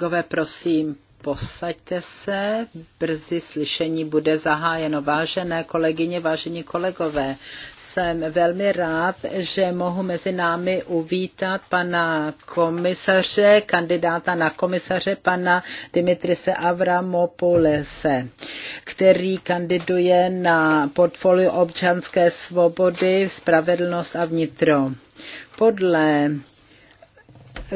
Kolegové, prosím, posaďte se, brzy slyšení bude zahájeno. Vážené kolegyně, vážení kolegové, jsem velmi rád, že mohu mezi námi uvítat pana komisaře, kandidáta na komisaře, pana Dimitrise Avramopoulese, který kandiduje na portfolio občanské svobody, spravedlnost a vnitro. Podle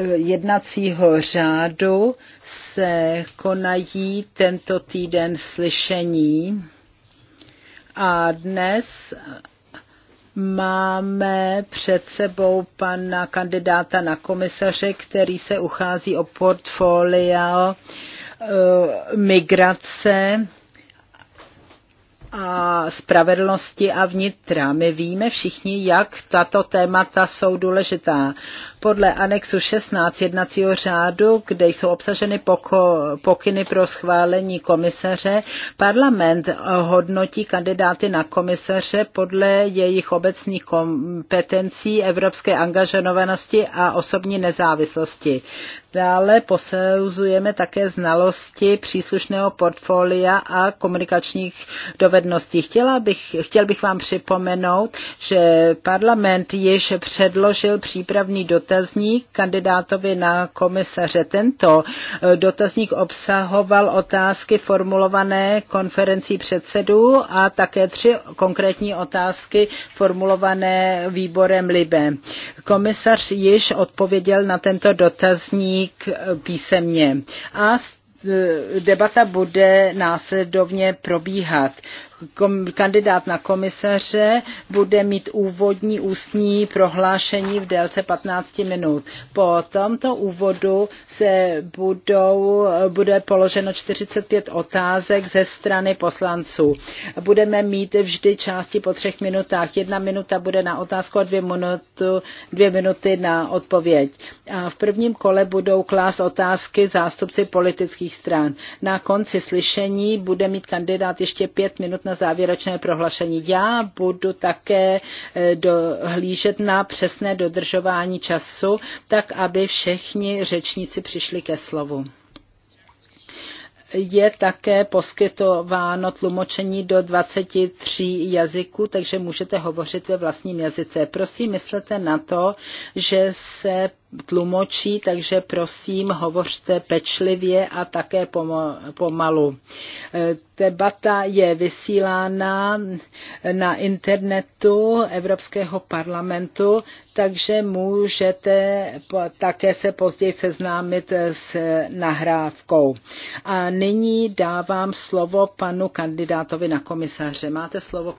jednacího řádu se konají tento týden slyšení a dnes máme před sebou pana kandidáta na komisaře, který se uchází o portfolia eh, migrace a spravedlnosti a vnitra. My víme všichni, jak tato témata jsou důležitá podle anexu 16 jednacího řádu, kde jsou obsaženy pokyny pro schválení komisaře, parlament hodnotí kandidáty na komisaře podle jejich obecných kompetencí, evropské angažovanosti a osobní nezávislosti. Dále posouzujeme také znalosti příslušného portfolia a komunikačních dovedností. Chtěla bych, chtěl bych vám připomenout, že parlament již předložil přípravný dotaz dotazník kandidátovi na komisaře. Tento eh, dotazník obsahoval otázky formulované konferencí předsedů a také tři konkrétní otázky formulované výborem Libe. Komisař již odpověděl na tento dotazník eh, písemně a eh, debata bude následovně probíhat kandidát na komisaře bude mít úvodní ústní prohlášení v délce 15 minut. Po tomto úvodu se budou, bude položeno 45 otázek ze strany poslanců. Budeme mít vždy části po třech minutách. Jedna minuta bude na otázku a dvě, minutu, dvě minuty na odpověď. A v prvním kole budou klást otázky zástupci politických stran. Na konci slyšení bude mít kandidát ještě pět minut na závěrečné prohlašení. Já budu také eh, dohlížet na přesné dodržování času, tak aby všichni řečníci přišli ke slovu je také poskytováno tlumočení do 23 jazyků, takže můžete hovořit ve vlastním jazyce. Prosím, myslete na to, že se tlumočí, takže prosím, hovořte pečlivě a také pomalu. Eh, debata je vysílána na internetu Evropského parlamentu, takže můžete také se později seznámit s nahrávkou. A nyní dávám slovo panu kandidátovi na komisaře. Máte slovo.